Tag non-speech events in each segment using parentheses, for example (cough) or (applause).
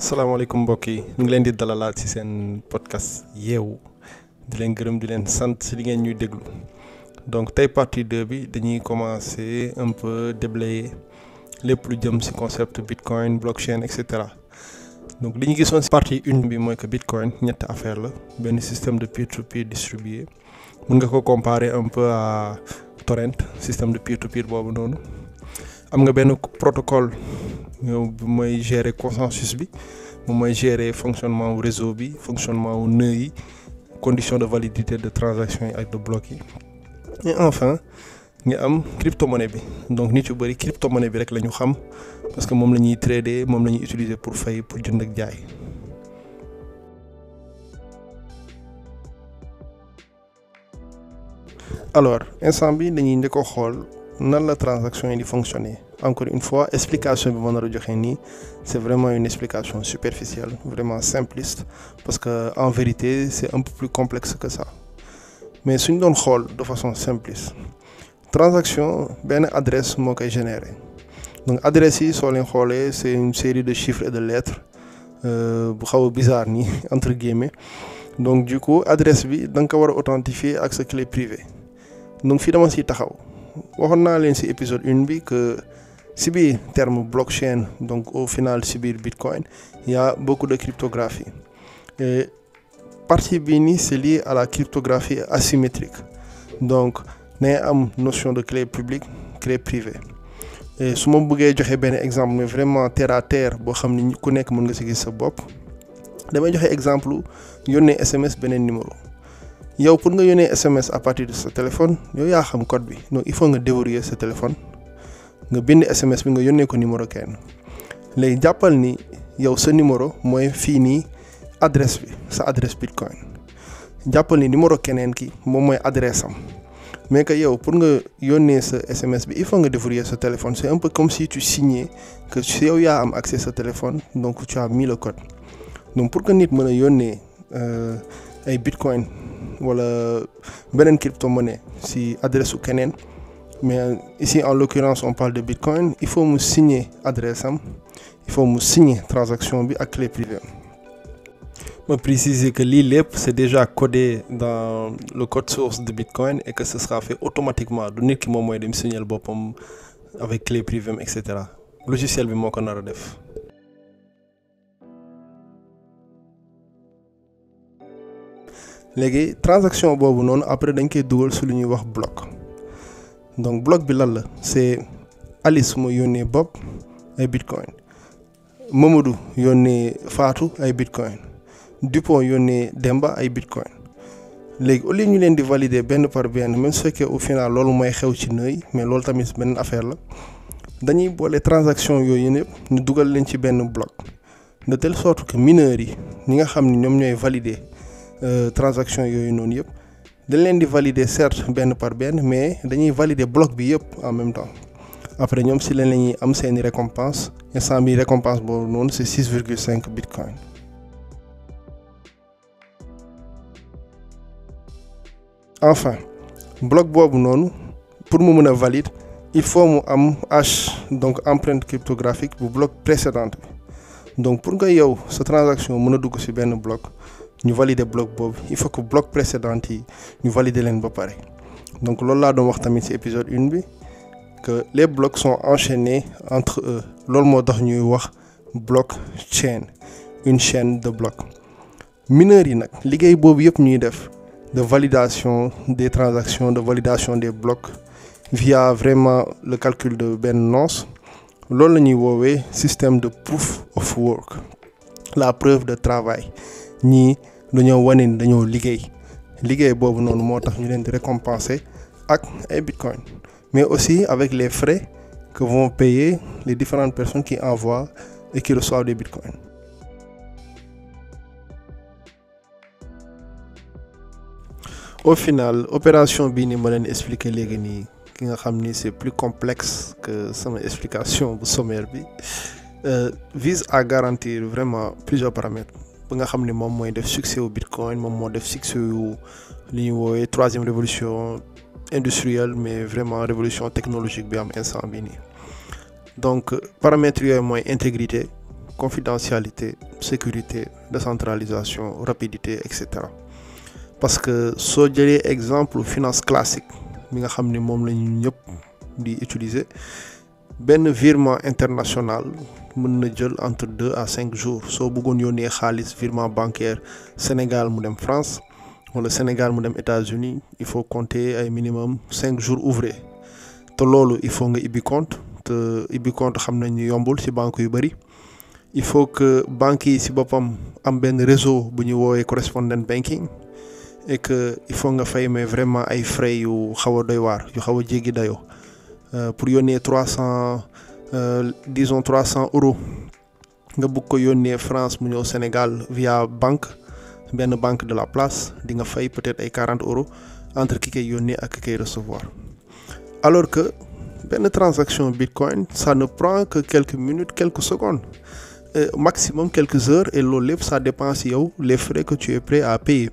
salaamaaleykum mbokk yi ñu ngi leen di dalalaat ci seen podcast yeewu di leen gërëm di leen sant ci li ngeen ñuy déglu donc tey partie 2 bi dañuy commencer un peu déblayer lépp lu jëm ci concept bitcoin blockchain et cetera donc li ñu gisoon ci partie 1 bi mooy que bitcoin ñetti affaire la benn système de peer to peer distribué mën nga ko comparer un peu à torrent système de peer to peer boobu noonu am nga benn protocole ñoom mooy gérer consensus bi moom mooy gérer fonctionnement wu réseau bi fonctionnement wu nœud yi condition de validité de transaction yi ak de bloc yi et enfin nga am cryptomonnaie bi donc nit yu bëri cryptomonnaie bi rek la ñu xam parce que moom la ñuy trader moom la ñuy utiliser pour fay pour jënd ak jaay. alors instant bi dañuy njëkk a xool nan la transaction yi di fonctionner. encore une fois explication bi ma nar a joxe nii c'est vraiment une explication superficielle vraiment simpliste parce que en vérité c'est un peu plus complexe que ça mais suñ doon xool de façon simpliste transaction benn adresse moo koy générer donc adresse yi soo leen xoolee c'est une série de chiffres et de lettres euh, bu xaw a bizarre nii (laughs) entre guillemets donc du ko adresse bi da nga ko war a authentifier ak sa clé privée donc fii dama si taxaw waxoon naa leen si biir terme blockchain donc au final si biir bitcoin il y a beaucoup de cryptographie et partie bii nii c'est lié à la cryptographie asymétrique donc nañ am notion de clé publique clé privée su ma bëggee joxe benn exemple mais vraiment terre à terre boo xam ni ku nekk mën nga si gis sa bopp damay joxe exemple yónnee SMS beneen numéro yow pour nga yónnee SMS à partir de sa téléphone yow yaa xam code bi donc il faut nga déverrouiller sa téléphone. nga bind SMS bi nga yónnee ko numéro kenn léegi jàppal ni yow sa numéro mooy fii nii adresse bi sa adresse bitcoin jàppal ni numéro keneen ki moom mooy adresse am mais que yow pour nga yónnee sa SMS bi il faut nga déverrouiller sa téléphone c'est un peu comme si tu signais que si yow yaa am accès sa téléphone donc tu as mis le code donc pour que nit mën a yónnee euh, ay bitcoin wala beneen crypto monnaie si adresse su keneen. mais ici en l'occurrence on parle de bitcoin il faut mu signer adresse am il faut mu signer transaction bi ak clé privée ma préciser que lii lépp c'est déjà codé dans le code source de bitcoin et que ce fait automatiquement du nit ki moom mooy dem signal boppam avec clé privée am et cetera logiciel bi moo ko nar a def léegi transaction boobu noonu après dañ koy dugal su lu ñuy wax bloc donc bloc bi lan la c'est Alice moo yónnee Bob ay bitcoin Mamadou yónnee faatu ay bitcoin Dupont yónnee Demba ay bitcoin léegi oli ñu leen di valider benn par benn même su fekkee au final loolu mooy xew ci nëy mais loolu tamit benn affaire la dañuy boole transaction yooyu yëpp ñu dugal leen ci benn bloc de telle sorte que mineurs yi ñi nga xam ni ñoom ñooy valider euh, transaction yooyu noonu yëpp. dañ leen di valider certes benn par benn mais dañuy valider bloc bi yëpp en même temps après ñoom si leen la ñuy am seeni récompense instant bi récompense boobu noonu c'est six virgule cinq bitcoin enfin boobu noonu pour mu mën a valide il faut mu am hash donc empreinte cryptographique bu bloc précédente bi donc pour nga yow sa transaction mën a dugg ci benn bloc ñu valider bloc boobu il faut que bloc précédent yi ñu valider leen ba pare donc loolu laa doon wax tamit ci épisode une bi que les blocs sont enchaînés entre eux loolu moo tax ñuy wax bloc chain une chaine de blocs mineurs yi nag liggéey boobu yëpp ñuy def de validation des transactions de validation des blocs via vraiment le calcul de benn nonce loolu la ñuy woowee système de proof of work la preuve de travail ñii dañoo wane ni dañoo liggéey liggéey boobu noonu moo tax ñu leen di récompenser ak ay bitcoin mais aussi avec les frais que vont payer les différentes personnes qui envoient et qui reçoivent des bitcoins. au final opération bii ni ma leen expliquer léegi nii ki nga xam ni c'est plus complexe que sama explication bu sommaire bi euh, vise à garantir vraiment plusieurs paramètres. nga xam ne moom mooy def succès wu bitcoin moom moo def succès wu li ñuy woowee troisième révolution industrielle mais vraiment révolution technologique bi am instant bi nii donc paramètres yooyu mooy intégrité confidentialité sécurité décentralisation rapidité et cetera parce que soo jëlee exemple finance classique mi nga xam ni moom la ñëpp di utiliser benn virement international mën na jël entre deux à cinq jours soo bëggoon yónnee xaalis virement bancaire Sénégal mu dem France wala Sénégal mu dem États-Unis il faut compter ay minimum cinq jours ouvrés te loolu il faut nga ibbi compte te ibbi compte xam nañ ñu yombul ci banque yu bari il faut que banque yi ci boppam am benn réseau bu ñu woowee correspondent banking et que il faut nga fay mais vraiment ay frais yu xaw a doy waar yu xaw a jéggi dayoo. Euh, pour yónnee trois cent euh, disons trois cent euros nga bugg ko yónnee France mu ñëw Sénégal via banque benn banque de la place di nga fay peut-être ay quarante entre ki koy yónnee ak ki koy recevoir alors que benn transaction bitcoin ça ne prend que quelques minutes quelques secondes euh, maximum quelques heures et loolu lépp ça dépend yow les frais que tu es prêt à payer.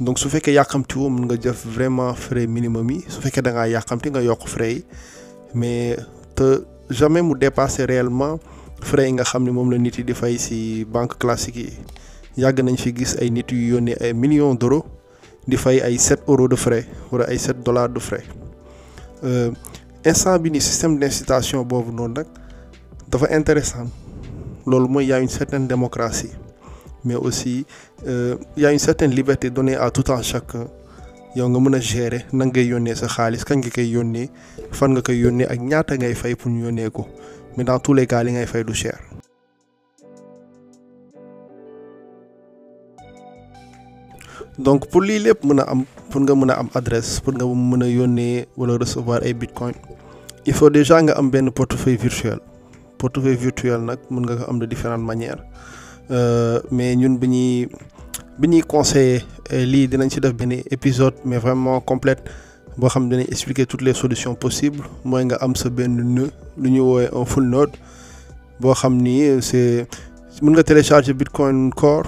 donc su fekkee yàqamti woo mun nga def vraiment frais minimum yi su fekkee dangaa yàqamti nga yokk frais yi mais te jamais mu dépasser réellement frais yi nga xam ne moom la nit yi di fay ci banque classique yi yàgg nañ fi gis ay nit yu yónnee ay millions d'euros di fay ay 7 euros de frais wala ay 7 dollars de frais euh, instant bi ni système d'incitation boobu noonu nag dafa intéressant loolu mooy yaa une certaine démocratie mais aussi yaa euh, y a une certaine liberté donnée à tout un chaque yow nga mën a gérer nan ngay yónnee sa xaalis kañ nga koy yónnee fan nga koy yónnee ak ñaata ngay fay pour ñu yónnee ko mais dans tous les cas li ngay fay du cher. donc pour lii lépp mën a am pour nga mën a am adresse pour nga mën a yónnee wala recevoir ay bitcoin il faut déjà nga am benn portefeuille virtuel portefeuille virtuel nag mën nga ko am de différentes manière Euh, mais ñun bi ñuy bi ñuy conseiller euh, lii dinañ ci def benn épisode mais vraiment complète boo xam ne dinañ expliquer toutes les solutions possibles mooy nga am sa benn nœud lu ñuy woowee un full node boo xam ni euh, c'est mën nga télécharger Bitcoin Core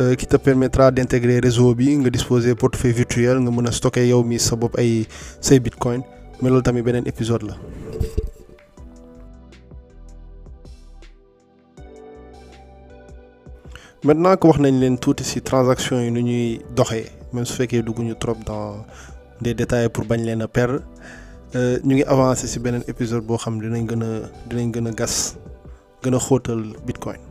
euh, qui te permettra d'intégrer réseau bi nga disposer portefeuille virtuel nga mën a stocker yow mi sa bopp ay say Bitcoin mais loolu tamit beneen épisode la maintenant que wax nañ leen tuuti ci transaction yi nu ñuy doxee même su fekkee dugguñu trop dans des détails pour bañ leen a perdre euh, ñu ngi avancé ci beneen épisode boo xam dinañ gën a dinañ gën a gas gën a xóotal bitcoin.